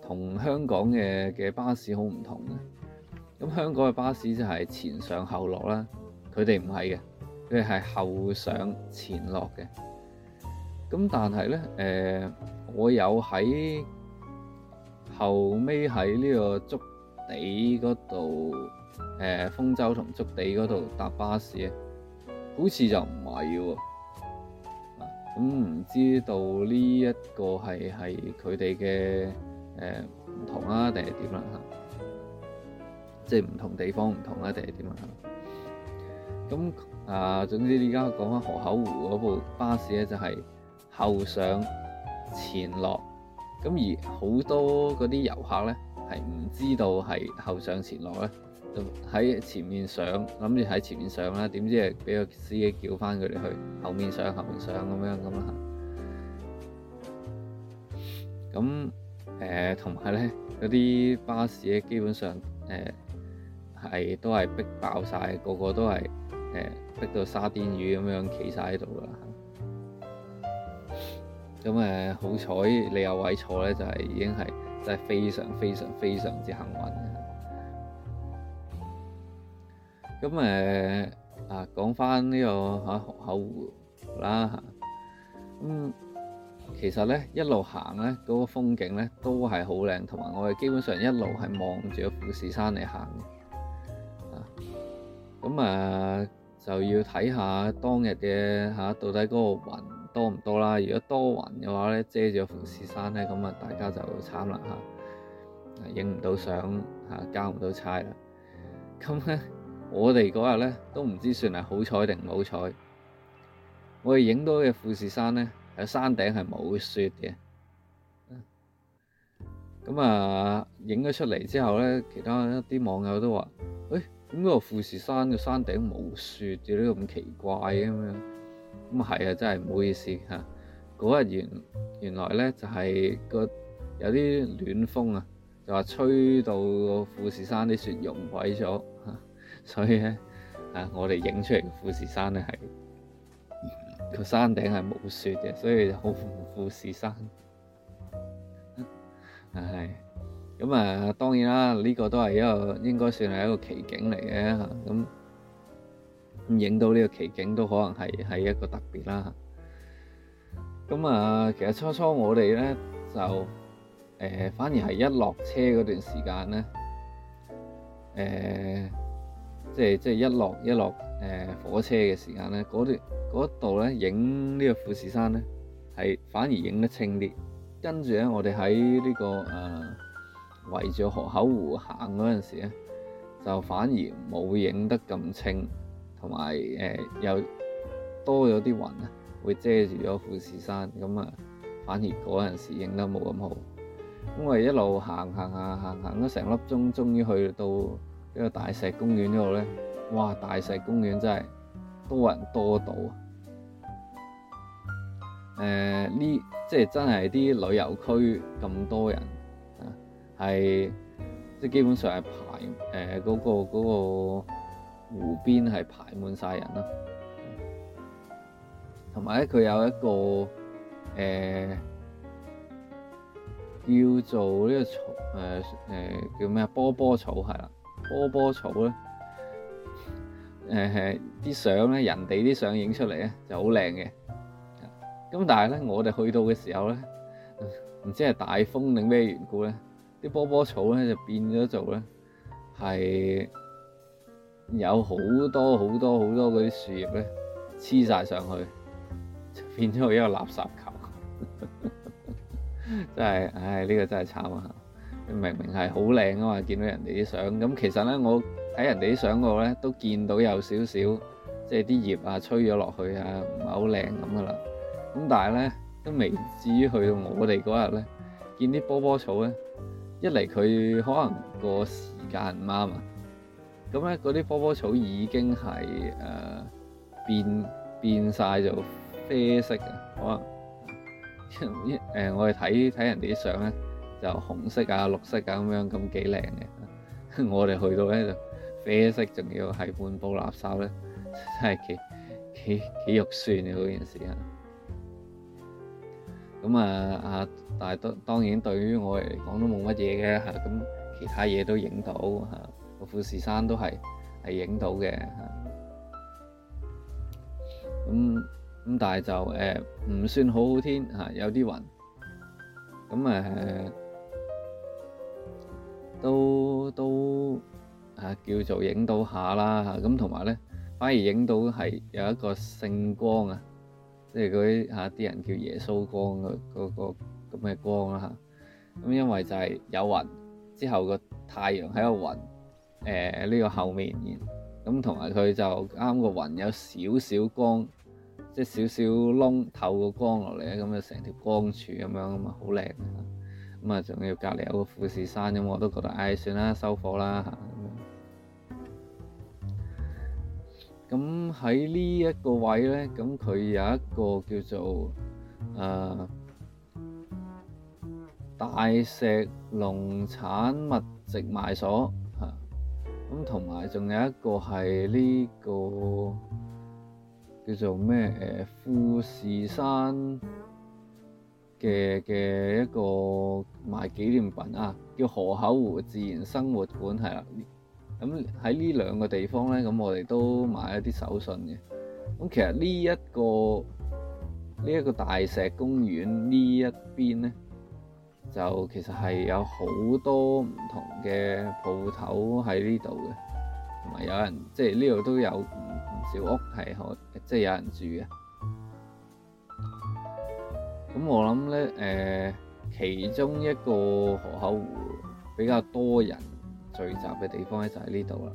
同香港嘅巴士好唔同咁香港嘅巴士就係前上後落啦，佢哋唔係嘅，佢哋係後上前落嘅。咁但係咧，誒、呃，我有喺後尾喺呢個築地嗰度，誒、呃，豐洲同築地嗰度搭巴士咧，好似就唔係喎。咁唔知道呢一個係係佢哋嘅誒唔同啊，定係點啦？即係唔同地方唔同啦，定係點樣啊？咁啊，總之而家講翻河口湖嗰部巴士咧，就係後上前落，咁而好多嗰啲遊客咧係唔知道係後上前落咧，就喺前面上，諗住喺前面上啦，點知係俾個司機叫翻佢哋去後面上，後面上咁樣咁啦。咁誒，同埋咧，嗰啲巴士咧，基本上誒。呃係都係逼爆晒，個個都係誒、欸、逼到沙甸魚咁樣企晒喺度啦。咁誒，好彩你有位坐咧，就係、是、已經係真係非常非常非常之幸運。咁誒、呃這個、啊，講翻呢個河口湖啦。咁、啊、其實咧一路行咧，嗰、那個風景咧都係好靚，同埋我哋基本上一路係望住個富士山嚟行嘅。咁啊，就要睇下當日嘅下到底嗰個雲多唔多啦。如果多雲嘅話咧，遮住富士山咧，咁啊大家就慘啦下，影唔到相，交唔到差啦。咁咧，我哋嗰日咧都唔知算係好彩定唔好彩。我哋影到嘅富士山咧，喺山頂係冇雪嘅。咁啊，影咗出嚟之後咧，其他一啲網友都話：誒、欸，咁個富士山嘅山頂冇雪嘅呢？咁奇怪嘅咁樣。咁係啊，真係唔好意思嚇。嗰日原原來咧就係個有啲暖風啊，就話吹到個富士山啲雪融鬼咗嚇，所以咧啊，我哋影出嚟嘅富士山咧係個山頂係冇雪嘅，所以好唔富士山。係，咁啊，當然啦，呢、這個都係一個應該算係一個奇景嚟嘅，咁咁影到呢個奇景都可能係係一個特別啦。咁啊，其實初初我哋咧就誒、呃，反而係一落車嗰段時間咧，誒、呃，即係即係一落一落誒、呃、火車嘅時間咧，嗰段嗰度咧影呢個富士山咧，係反而影得清啲。跟住咧，我哋喺呢個誒、呃、圍住河口湖行嗰陣時咧，就反而冇影得咁清，同埋誒又多咗啲雲啊，會遮住咗富士山，咁啊反而嗰陣時影得冇咁好。因為一路行行下行行咗成粒鐘，終於去到呢個大石公園嗰度咧，哇！大石公園真係多人多到啊！誒呢、呃，即係真係啲旅遊區咁多人啊，係即係基本上係排誒嗰、呃嗰個嗰個湖邊係排滿晒人啦。同埋咧，佢有一個誒、呃、叫做呢個草誒、呃、叫咩波波草係啦，波波草咧誒誒啲相咧，人哋啲相影出嚟咧就好靚嘅。咁但係呢，我哋去到嘅時候呢，唔知係大風定咩緣故呢，啲波波草呢就變咗做呢，係有好多好多好多嗰啲樹葉呢黐晒上去，就變咗一個垃圾球， <laughs> 真係唉呢、呢個真係慘啊！明明係好靚啊嘛，見到人哋啲相咁，其實呢，我喺人哋啲相度呢，都見到有少少即係啲葉呀、啊、吹咗落去呀、啊，唔係好靚咁噶啦。咁但係咧，都未至於去到我哋嗰日咧，見啲波波草咧，一嚟佢可能個時間唔啱啊。咁咧，嗰啲波波草已經係誒、呃、變變曬做啡色嘅，可能一我哋睇睇人哋啲相咧，就紅色啊、綠色啊咁樣，咁幾靚嘅。 <laughs> 我哋去到咧就啡色，仲要係半布垃圾咧，真係幾幾幾肉酸事啊！嗰陣時啊～咁啊啊，但係當當然對於我嚟講都冇乜嘢嘅吓，咁其他嘢都影到吓，個富士山都係係影到嘅吓。咁咁但係就誒唔算好好天吓，有啲雲。咁誒都都啊叫做影到下啦吓，咁同埋咧反而影到係有一個聖光啊！即係嗰啲吓啲人叫耶穌光嗰、嗰個咁嘅、那個、光啦吓，咁、啊、因為就係有雲之後個太陽喺個雲誒呢個後面，咁同埋佢就啱、個雲有少少光，即係少少窿透個光落嚟咧，咁就成條光柱咁樣咁啊好靚嘅，咁啊仲要隔籬有個富士山咁、啊，我都覺得唉、欸、算啦收貨啦吓。啊咁喺呢一個位咧，咁佢有一個叫做誒大石農產物直賣所嚇，咁同埋仲有一個係呢個叫做咩誒富士山嘅嘅一個賣紀念品啊，叫河口湖自然生活館係啦。咁喺呢兩個地方咧，咁我哋都買一啲手信嘅。咁其實呢一個呢一個大石公園呢一邊咧，就其實係有好多唔同嘅鋪頭喺呢度嘅，同埋有，有人即係呢度都有唔少屋係可即係有人住嘅。咁我諗咧，誒、呃、其中一個河口湖比較多人聚集嘅地方咧就喺呢度啦。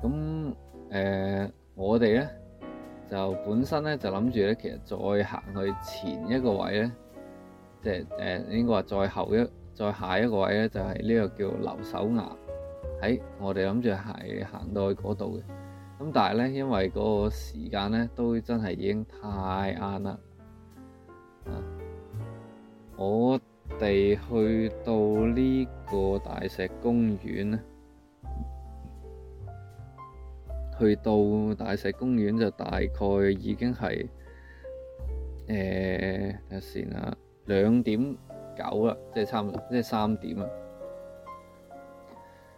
咁誒、呃，我哋咧就本身咧就諗住咧，其實再行去前一個位咧，即係誒應該話再後一再下一個位咧，就係、是、呢個叫留守崖喺、哎、我哋諗住係行到去嗰度嘅。咁但係咧，因為嗰個時間咧都真係已經太晏啦。我哋去到呢個大石公園咧，去到大石公園就大概已經係誒睇下先啊，兩、欸啊、點九啦，即、就、係、是、差唔多，即係三點啦。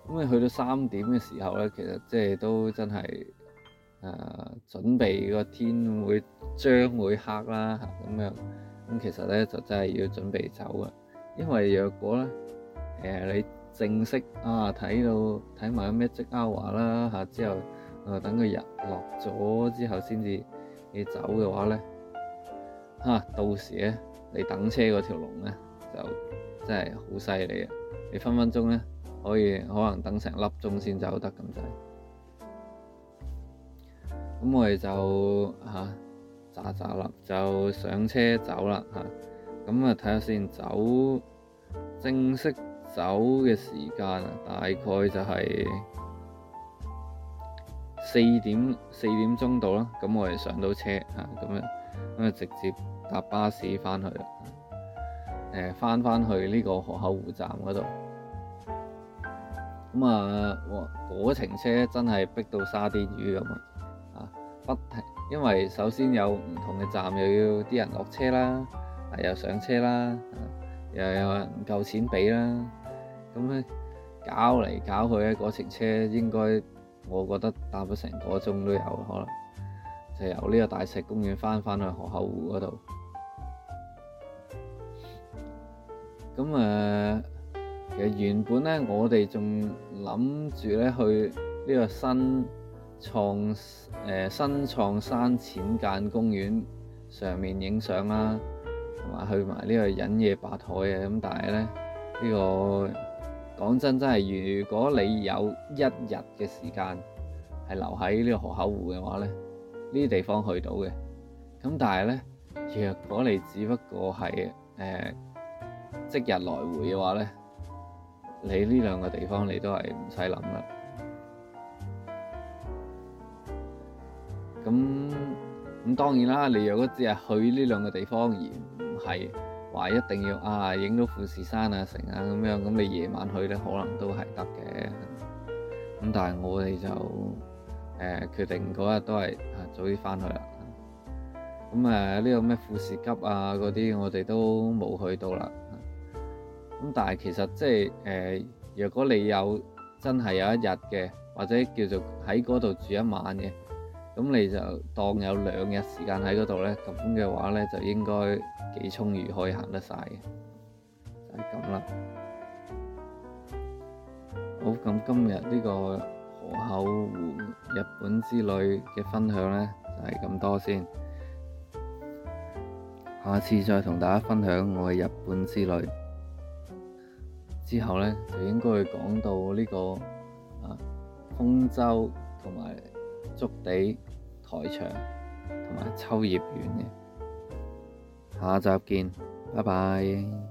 咁你去到三點嘅時候咧，其實即係都真係誒、啊、準備個天會將會黑啦，咁樣。咁其實咧就真係要準備走啦，因為若果咧誒你正式啊睇到睇埋有咩 Magic Hour 話啦嚇之後，誒等佢日落咗之後先至你走嘅話咧，嚇到時咧你等車嗰條龍咧就真係好犀利啊！你分分鐘咧可以可能等成粒鐘先走得咁滯，咁我哋就嚇。走走啦，就上車走啦嚇。咁啊睇下先，走正式走嘅時間啊，大概就係四點四點鐘到啦。咁我哋上到車嚇，咁啊咁啊直接搭巴士翻去啦。誒、啊，翻翻去呢個河口湖站嗰度。咁啊，哇嗰程車真係逼到沙甸魚咁啊！啊，不停～因為首先有唔同嘅站又要啲人落車啦，啊又上車啦，啊又有唔夠錢俾啦，咁咧搞嚟搞去咧嗰程車應該我覺得搭咗成個鐘都有可能，就由呢個大石公園返返去河口湖嗰度。咁誒，其實原本咧我哋仲諗住咧去呢個新創誒、呃、新倉山淺間公園上面影相啦，同埋去埋呢個忍野八海嘅咁，但係咧呢、呢個講真真係，如果你有一日嘅時間係留喺呢個河口湖嘅話咧，呢啲地方去到嘅，咁但係咧，若果你只不過係誒、呃、即日來回嘅話咧，你呢兩個地方你都係唔使諗啦。咁咁當然啦，你如果只係去呢兩個地方，而唔係話一定要啊影到富士山啊、城啊咁樣，咁你夜晚去咧可能都係得嘅。咁但係我哋就誒、呃、決定嗰日都係早啲翻去啦。咁呢、呃呢個咩富士急啊嗰啲我哋都冇去到啦。咁但係其實即、就、係、係呃、如若果你有真係有一日嘅，或者叫做喺嗰度住一晚嘅。咁你就當有兩日時間喺嗰度咧，咁嘅話咧，就應該幾充裕可以行得曬嘅，就係咁啦。好，咁今日呢個河口湖日本之旅嘅分享咧，就係咁多先。下次再同大家分享我嘅日本之旅，之後咧就應該會講到呢個啊豐洲同埋。築地台場同埋秋葉原嘅，下集見，拜拜。